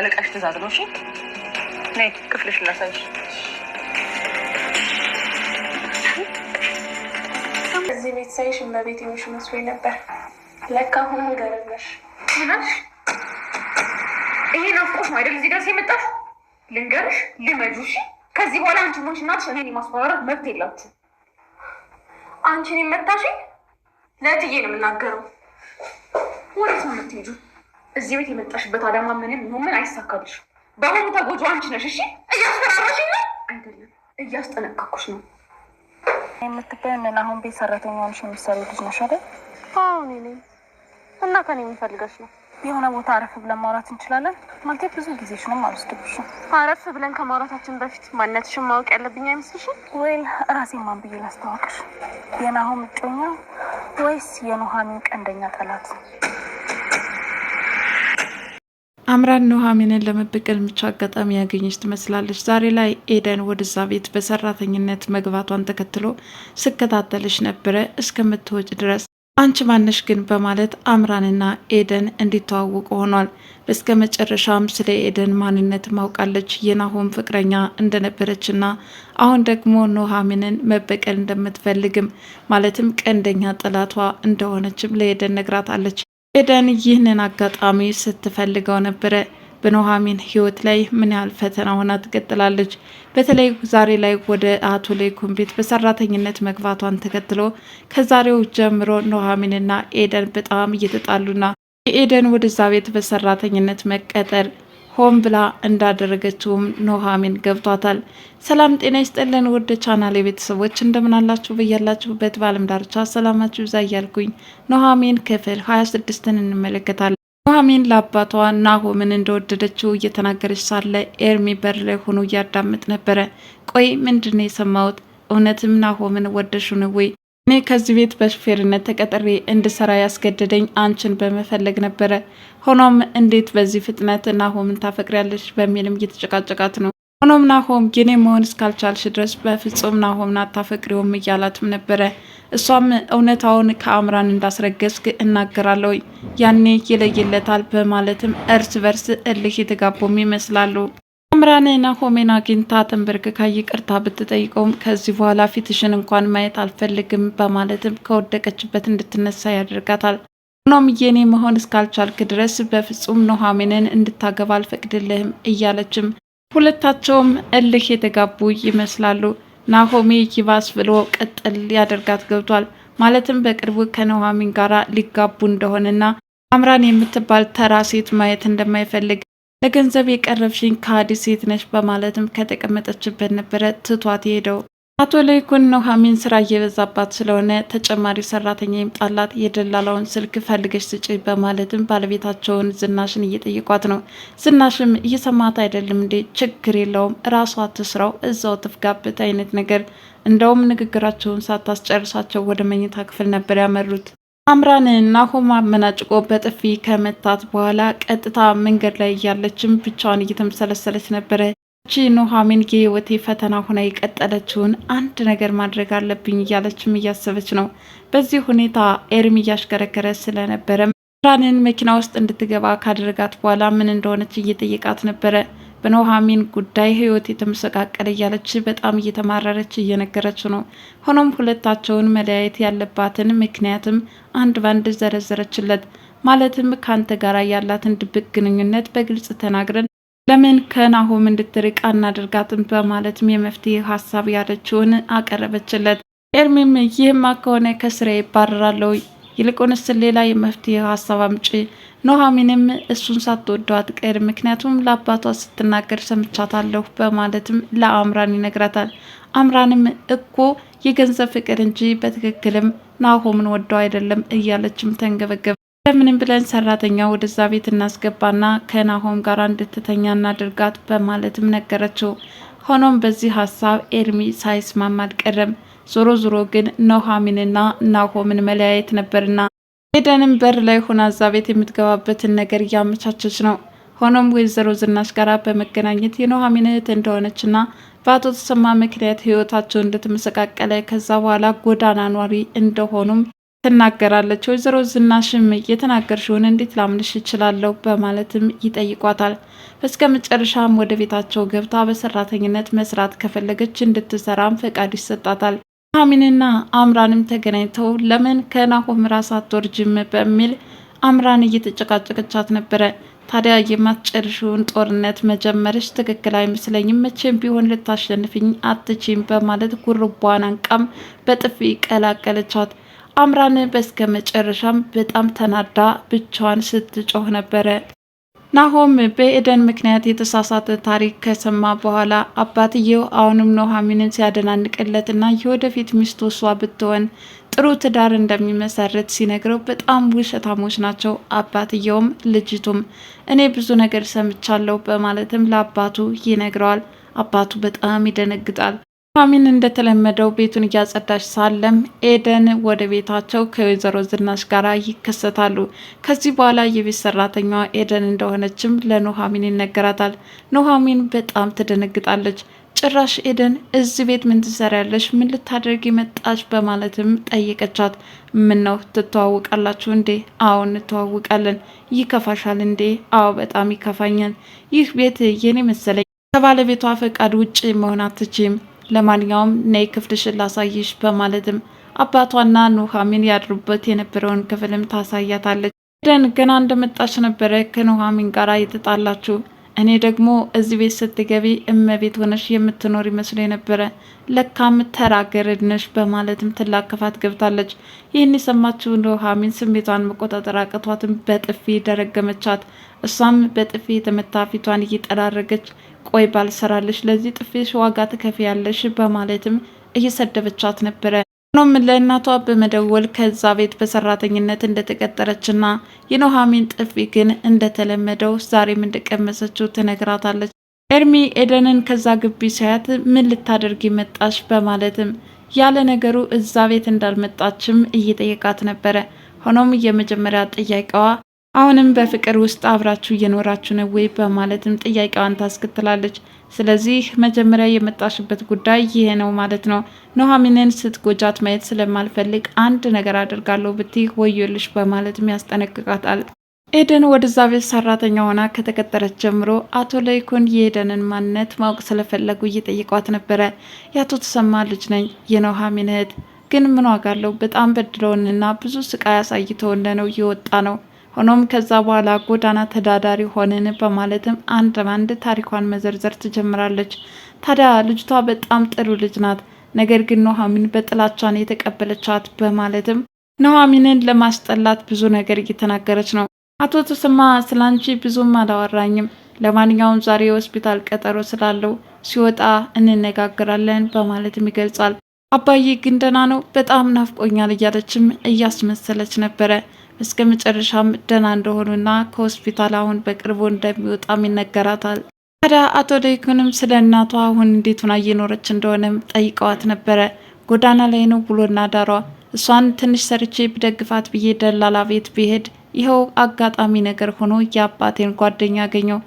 የአለቃሽ ትእዛዝ ነው። እሺ ነይ ክፍልሽ ላሳይሽ። እዚህ ቤት ሳይሽ እመቤት የሚሽ መስሎኝ ነበር። ለካ አሁንም ገረመሽ። ይሄ ናፍቆሽ ማይደል እዚህ ደርስ የመጣሽ ልንገርሽ፣ ልመጁ። እሺ ከዚህ በኋላ አንቺ ሞሽ ናት። እኔን የማስፈራረት መብት የላችሁ። አንቺን የመታሽ ለእትዬ ነው የምናገረው። ወዴት ነው የምትሄጂው? እዚህ ቤት የመጣሽበት አላማ ምንም ይሁን ምን አይሳካልሽ። በአሁኑ ተጎጆ አንቺ ነሽ። እሺ፣ እያስፈራራሽ ነው አይደለም፣ እያስጠነቀኩሽ ነው። የምትባዩንን አሁን ቤት ሰራተኛ ሆንሽ የሚሰሩ ልጅ ነሽ አይደል? አሁን ኔ እና ከኔ የሚፈልገሽ ነው። የሆነ ቦታ አረፍ ብለን ማውራት እንችላለን? ማለት ብዙ ጊዜሽ ነው አልወስድብሽም። አረፍ ብለን ከማውራታችን በፊት ማንነትሽን ማወቅ ያለብኝ አይመስልሽም? ወይም ራሴን ማን ብዬ ላስተዋወቅሽ? የናሆም እጮኛ ወይስ የኑሃሚን ቀንደኛ ጠላት? አምራን ኑሐሚንን ለመበቀል ምቹ አጋጣሚ ያገኘች ትመስላለች። ዛሬ ላይ ኤደን ወደዛ ቤት በሰራተኝነት መግባቷን ተከትሎ ስከታተልሽ ነበረ እስከምትወጭ ድረስ አንቺ ማነሽ ግን በማለት አምራንና ኤደን እንዲተዋወቁ ሆኗል። እስከ መጨረሻም ስለ ኤደን ማንነት ማውቃለች። የናሆም ፍቅረኛ እንደነበረችና አሁን ደግሞ ኑሐሚንን መበቀል እንደምትፈልግም ማለትም ቀንደኛ ጠላቷ እንደሆነችም ለኤደን ነግራታለች። ኤደን ይህንን አጋጣሚ ስትፈልገው ነበረ። በኑሐሚን ህይወት ላይ ምን ያህል ፈተና ሆና ትቀጥላለች። በተለይ ዛሬ ላይ ወደ አቶ ሌኩን ቤት በሰራተኝነት መግባቷን ተከትሎ ከዛሬው ጀምሮ ኑሐሚንና ኤደን በጣም እየተጣሉና የኤደን ወደዛ ቤት በሰራተኝነት መቀጠር ሆን ብላ እንዳደረገችውም ኑሃሚን ገብቷታል። ሰላም ጤና ይስጥልን ውድ ቻናል የቤተሰቦች እንደምናላችሁ በያላችሁበት በዓለም ዳርቻ ሰላማችሁ ይብዛ እያልኩኝ ኑሃሚን ክፍል 26 ስድስትን እንመለከታለን። ኑሃሚን ለአባቷ ናሆምን እንደወደደችው እየተናገረች ሳለ ኤርሚ በር ላይ ሆኖ እያዳመጥ ነበረ። ቆይ ምንድን ነው የሰማሁት? እውነትም ናሆምን ወደሹን ወይ እኔ ከዚህ ቤት በሹፌርነት ተቀጥሬ እንድሰራ ያስገደደኝ አንቺን በመፈለግ ነበረ። ሆኖም እንዴት በዚህ ፍጥነት ናሆምን ታፈቅሪያለሽ በሚልም እየተጨቃጨቃት ነው። ሆኖም ናሆም የኔ መሆን እስካልቻልሽ ድረስ በፍጹም ናሆምን አታፈቅሪውም እያላትም ነበረ። እሷም እውነታውን ከአምራን እንዳስረገዝክ እናገራለሁ፣ ያኔ ይለይለታል በማለትም እርስ በርስ እልህ የተጋቡም ይመስላሉ። አምራን ናሆሜን አግኝታ ተንበርክካ ይቅርታ ብትጠይቀውም ከዚህ በኋላ ፊትሽን እንኳን ማየት አልፈልግም በማለትም ከወደቀችበት እንድትነሳ ያደርጋታል። ሆኖም የኔ መሆን እስካልቻልክ ድረስ በፍጹም ኑሐሚንን እንድታገባ አልፈቅድልህም እያለችም ሁለታቸውም እልህ የተጋቡ ይመስላሉ። ናሆሜ ይባስ ብሎ ቅጥል ያደርጋት ገብቷል። ማለትም በቅርቡ ከኑሐሚን ጋር ሊጋቡ እንደሆነና አምራን የምትባል ተራ ሴት ማየት እንደማይፈልግ ለገንዘብ የቀረብሽኝ ከሃዲ ሴት ነች በማለትም ከተቀመጠችበት ነበረ ትቷት ሄደው አቶ ለይኩን ኑሐሚን ስራ እየበዛባት ስለሆነ ተጨማሪ ሰራተኛ ይምጣላት፣ የደላላውን ስልክ ፈልገሽ ስጪ በማለትም ባለቤታቸውን ዝናሽን እየጠየቋት ነው። ዝናሽም እየሰማት አይደለም እንዴ? ችግር የለውም እራሷ ትስራው፣ እዛው ትፍጋበት አይነት ነገር። እንደውም ንግግራቸውን ሳታስጨርሳቸው ወደ መኝታ ክፍል ነበር ያመሩት። አምራንና ናሆም አመናጭቆ በጥፊ ከመታት በኋላ ቀጥታ መንገድ ላይ እያለችም ብቻዋን እየተመሰለሰለች ነበረ። እቺ ኑሐሚን የህይወቴ ፈተና ሆና የቀጠለችውን አንድ ነገር ማድረግ አለብኝ እያለችም እያሰበች ነው። በዚህ ሁኔታ ኤርሚ እያሽከረከረ ስለነበረ አምራንን መኪና ውስጥ እንድትገባ ካደረጋት በኋላ ምን እንደሆነች እየጠየቃት ነበረ። በኑሐሚን ጉዳይ ህይወት የተመሰቃቀለ እያለች በጣም እየተማረረች እየነገረች ነው። ሆኖም ሁለታቸውን መለያየት ያለባትን ምክንያትም አንድ ባንድ ዘረዘረችለት። ማለትም ከአንተ ጋር ያላትን ድብቅ ግንኙነት በግልጽ ተናግረን ለምን ከናሆም እንድትርቅ አናደርጋትም በማለትም የመፍትሄ ሀሳብ ያለችውን አቀረበችለት። ኤርሚም ይህማ ከሆነ ከስራ ይባረራለሁ ይልቁንስ ሌላ የመፍትሄ ሀሳብ አምጪ። ኑሐሚንም እሱን ሳትወደው አትቀር፣ ምክንያቱም ለአባቷ ስትናገር ሰምቻታለሁ በማለትም ለአምራን ይነግራታል። አምራንም እኮ የገንዘብ ፍቅር እንጂ በትክክልም ናሆምን ወደው አይደለም እያለችም ተንገበገበ። ለምንም ብለን ሰራተኛ ወደዛ ቤት እናስገባና ከናሆም ጋር እንድትተኛ እናድርጋት በማለትም ነገረችው። ሆኖም በዚህ ሀሳብ ኤርሚ ሳይስማማ አልቀረም። ዞሮ ዞሮ ግን ኑሐሚንና ናሆምን መለያየት ነበርና ኤደንም በር ላይ ሆና እዛ ቤት የምትገባበትን ነገር እያመቻቸች ነው። ሆኖም ወይዘሮ ዝናሽ ጋር በመገናኘት የኑሐሚን እህት እንደሆነችና በአቶ ተሰማ ምክንያት ህይወታቸው እንደተመሰቃቀለ ከዛ በኋላ ጎዳና ኗሪ እንደሆኑም ትናገራለች። ወይዘሮ ዝናሽም የተናገርሽውን እንዴት ላምንሽ ይችላለሁ በማለትም ይጠይቋታል። እስከ መጨረሻም ወደ ቤታቸው ገብታ በሰራተኝነት መስራት ከፈለገች እንድትሰራም ፈቃድ ይሰጣታል። አሚንና አምራንም ተገናኝተው ለምን ከናሆም ራስ አትወርጅም በሚል አምራን እየተጨቃጨቀቻት ነበረ። ታዲያ የማትጨርሽውን ጦርነት መጀመርሽ ትክክል አይመስለኝም፣ መቼም ቢሆን ልታሸንፍኝ አትችም በማለት ጉርቧን አንቃም በጥፊ ቀላቀለቻት። አምራን በስከ መጨረሻም በጣም ተናዳ ብቻዋን ስትጮህ ነበረ። ናሆም በኤደን ምክንያት የተሳሳተ ታሪክ ከሰማ በኋላ አባትየው አሁንም ኑሐሚንን ሲያደናንቅለትና የወደፊት ሚስቱ እሷ ብትሆን ጥሩ ትዳር እንደሚመሰርት ሲነግረው በጣም ውሸታሞች ናቸው አባትየውም ልጅቱም። እኔ ብዙ ነገር ሰምቻለሁ በማለትም ለአባቱ ይነግረዋል። አባቱ በጣም ይደነግጣል። ኑሐሚን እንደተለመደው ቤቱን እያጸዳች ሳለም ኤደን ወደ ቤታቸው ከወይዘሮ ዝናሽ ጋር ይከሰታሉ። ከዚህ በኋላ የቤት ሰራተኛዋ ኤደን እንደሆነችም ለኑሐሚን ይነገራታል። ኑሐሚን በጣም ትደነግጣለች። ጭራሽ ኤደን እዚህ ቤት ምን ትሰሪያለሽ? ምን ልታደርግ መጣች? በማለትም ጠየቀቻት። ምን ነው ትተዋውቃላችሁ እንዴ? አዎ እንተዋውቃለን። ይከፋሻል እንዴ? አዎ በጣም ይከፋኛል። ይህ ቤት የኔ መሰለኝ ከባለቤቷ ፈቃድ ውጭ መሆን አትችም ለማንኛውም ነይ ክፍልሽን ላሳይሽ በማለትም አባቷና ኑሐሚን ያድሩበት የነበረውን ክፍልም ታሳያታለች። ደን ገና እንደመጣች ነበረ ከኑሐሚን ጋር የተጣላችው። እኔ ደግሞ እዚህ ቤት ስትገቢ እመቤት ሆነሽ የምትኖር ይመስሎ የነበረ ለካም ተራ ገረድ ነሽ በማለትም ትላከፋት ገብታለች። ይህን የሰማችው ኑሐሚን ስሜቷን መቆጣጠር አቅቷትን በጥፊ ደረገመቻት። እሷም በጥፊ የተመታ ፊቷን እየጠራረገች ቆይ ባልሰራለሽ፣ ለዚህ ጥፊሽ ዋጋ ትከፍያለሽ በማለትም እየሰደበቻት ነበረ። ሆኖም ለእናቷ በመደወል ከዛ ቤት በሰራተኝነት እንደተቀጠረችና የኑሐሚን ጥፊ ግን እንደተለመደው ዛሬም እንደቀመሰችው ትነግራታለች። ኤርሚ ኤደንን ከዛ ግቢ ሳያት ምን ልታደርግ መጣሽ? በማለትም ያለ ነገሩ እዛ ቤት እንዳልመጣችም እየጠየቃት ነበረ። ሆኖም የመጀመሪያ ጥያቄዋ አሁንም በፍቅር ውስጥ አብራችሁ እየኖራችሁ ነው ወይ? በማለትም ጥያቄዋን ታስከትላለች። ስለዚህ መጀመሪያ የመጣሽበት ጉዳይ ይሄ ነው ማለት ነው። ኑሐሚንን ስትጎጃት ማየት ስለማልፈልግ አንድ ነገር አድርጋለሁ ብትይ ወዮልሽ በማለት ያስጠነቅቃታል። ኤደን ወደዛ ቤት ሰራተኛ ሆና ከተቀጠረች ጀምሮ አቶ ለይኩን የኤደንን ማንነት ማወቅ ስለፈለጉ እየጠይቋት ነበረ። የአቶ ተሰማ ልጅ ነኝ የኑሐሚን እህት ግን ምን ዋጋ አለው? በጣም በድለውንና ብዙ ስቃይ አሳይተውን ነው እየወጣ ነው ሆኖም ከዛ በኋላ ጎዳና ተዳዳሪ ሆንን በማለትም አንድ ባንድ ታሪኳን መዘርዘር ትጀምራለች። ታዲያ ልጅቷ በጣም ጥሩ ልጅ ናት፣ ነገር ግን ኑሐሚን በጥላቻን የተቀበለቻት በማለትም ኑሐሚንን ለማስጠላት ብዙ ነገር እየተናገረች ነው። አቶ ተሰማ ስላንቺ ብዙም አላወራኝም፣ ለማንኛውም ዛሬ የሆስፒታል ቀጠሮ ስላለው ሲወጣ እንነጋገራለን በማለትም ይገልጻል። አባዬ ግን ደህና ነው፣ በጣም ናፍቆኛል እያለችም እያስመሰለች ነበረ። እስከ መጨረሻም ደህና እንደሆኑና ከሆስፒታል አሁን በቅርቡ እንደሚወጣም ይነገራታል። ታዲያ አቶ ለይኩንም ስለ እናቷ አሁን እንዴት ሆና እየኖረች እንደሆነም ጠይቀዋት ነበረ። ጎዳና ላይ ነው ብሎና ዳሯ እሷን ትንሽ ሰርቼ ብደግፋት ብዬ ደላላ ቤት ብሄድ ይኸው አጋጣሚ ነገር ሆኖ የአባቴን ጓደኛ ያገኘው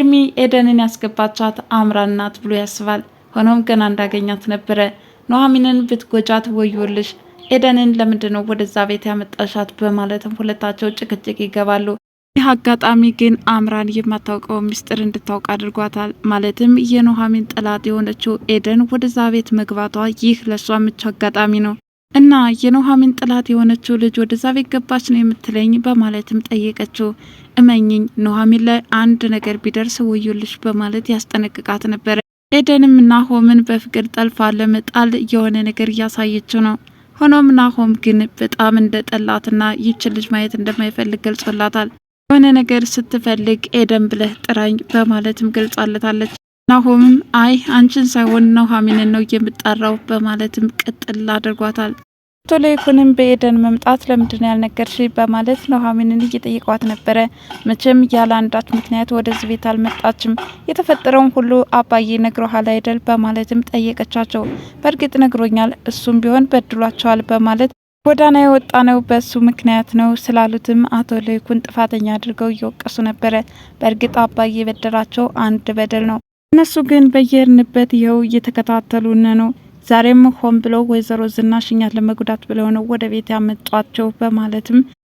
እድሜ ኤደንን ያስገባቻት አምራ እናት ብሎ ያስባል። ሆኖም ገና እንዳገኛት ነበረ ኑሐሚንን ብትጎጃት ወዮልሽ ኤደንን ለምንድን ነው ወደዛ ቤት ያመጣሻት በማለትም ሁለታቸው ጭቅጭቅ ይገባሉ። ይህ አጋጣሚ ግን አምራን የማታውቀው ምስጢር እንድታውቅ አድርጓታል። ማለትም የኑሐሚን ጠላት የሆነችው ኤደን ወደዛ ቤት መግባቷ ይህ ለእሷ ምቹ አጋጣሚ ነው እና የኑሐሚን ጠላት የሆነችው ልጅ ወደዛ ቤት ገባች ነው የምትለኝ በማለትም ጠየቀችው። እመኝኝ ኑሐሚን ላይ አንድ ነገር ቢደርስ ወዮልሽ በማለት ያስጠነቅቃት ነበር ኤደንም ናሆምን በፍቅር ጠልፋ ለመጣል የሆነ ነገር እያሳየችው ነው። ሆኖም ናሆም ግን በጣም እንደ ጠላትና ይችን ልጅ ማየት እንደማይፈልግ ገልጾላታል። የሆነ ነገር ስትፈልግ ኤደን ብለህ ጥራኝ በማለትም ገልጻለታለች። ናሆምም አይ አንቺን ሳይሆን ኑሃሚንን ነው የምጠራው በማለትም ቅጥል አድርጓታል። ቶሎ ይኩንም በኤደን መምጣት ለምንድን ያልነገርሽ በማለት ኑሐሚንን እየጠየቋት ነበረ። መቼም ያለ አንዳች ምክንያት ወደዚህ ቤት አልመጣችም፣ የተፈጠረውን ሁሉ አባዬ ነግሮሃል አይደል በማለትም ጠየቀቻቸው። በእርግጥ ነግሮኛል፣ እሱም ቢሆን በድሏቸዋል በማለት ጎዳና የወጣ ነው በእሱ ምክንያት ነው ስላሉትም አቶ ለይኩን ጥፋተኛ አድርገው እየወቀሱ ነበረ። በእርግጥ አባዬ በደላቸው አንድ በደል ነው። እነሱ ግን በየርንበት ይኸው እየተከታተሉን ነው ዛሬም ሆን ብለው ወይዘሮ ዝናሽ እኛን ለመጉዳት ብለው ነው ወደ ቤት ያመጧቸው በማለትም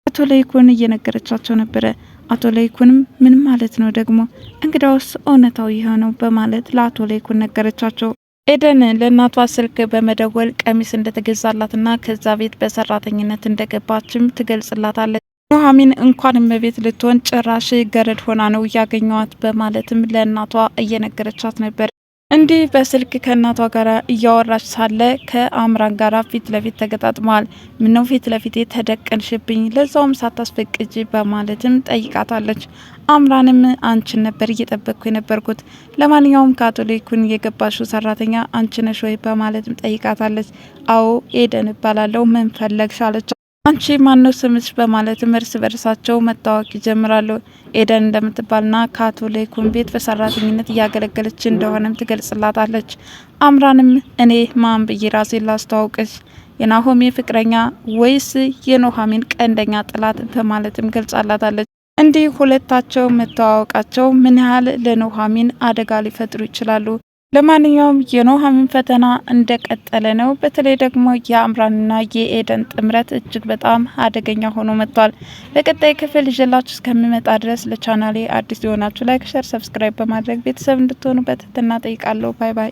አቶ ለይኩን እየነገረቻቸው ነበረ። አቶ ለይኩንም ምን ማለት ነው ደግሞ እንግዳውስ እውነታው ይሄ በማለት ለአቶ ለይኩን ነገረቻቸው። ኤደን ለእናቷ ስልክ በመደወል ቀሚስ እንደተገዛላትና ከዛ ቤት በሰራተኝነት እንደገባችም ትገልጽላታለች። ኑሐሚን እንኳን እመቤት ልትሆን ጭራሽ ገረድ ሆና ነው እያገኘዋት በማለትም ለእናቷ እየነገረቻት ነበር። እንዲህ በስልክ ከእናቷ ጋር እያወራች ሳለ ከአምራን ጋር ፊት ለፊት ተገጣጥመዋል። ምነው ፊት ለፊቴ ተደቀንሽብኝ ለዛውም ሳታስፈቅጅ በማለትም ጠይቃታለች። አምራንም አንቺን ነበር እየጠበቅኩ የነበርኩት፣ ለማንኛውም ካቶሊኩን የገባሽው ሰራተኛ አንቺ ነሽ ወይ በማለትም ጠይቃታለች። አዎ ኤደን እባላለሁ ምን ፈለግሽ አለች። አንቺ ማነው ስምሽ? በማለትም እርስ በርሳቸው መታወቅ ይጀምራሉ። ኤደን እንደምትባልና ከአቶ ለይኩን ቤት በሰራተኝነት እያገለገለች እንደሆነም ትገልጽላታለች። አምራንም እኔ ማን ብዬ ራሴን ላስተዋውቅሽ፣ የናሆሜ ፍቅረኛ ወይስ የኖሃሚን ቀንደኛ ጥላት በማለትም ገልጻላታለች። እንዲህ ሁለታቸው መተዋወቃቸው ምን ያህል ለኖሃሚን አደጋ ሊፈጥሩ ይችላሉ? ለማንኛውም የኑሐሚን ፈተና እንደቀጠለ ነው። በተለይ ደግሞ የአምራንና የኤደን ጥምረት እጅግ በጣም አደገኛ ሆኖ መጥቷል። በቀጣይ ክፍል ይዤላችሁ እስከሚመጣ ድረስ ለቻናሌ አዲስ የሆናችሁ ላይክ፣ ሸር፣ ሰብስክራይብ በማድረግ ቤተሰብ እንድትሆኑ በትህትና ጠይቃለሁ። ባይ ባይ።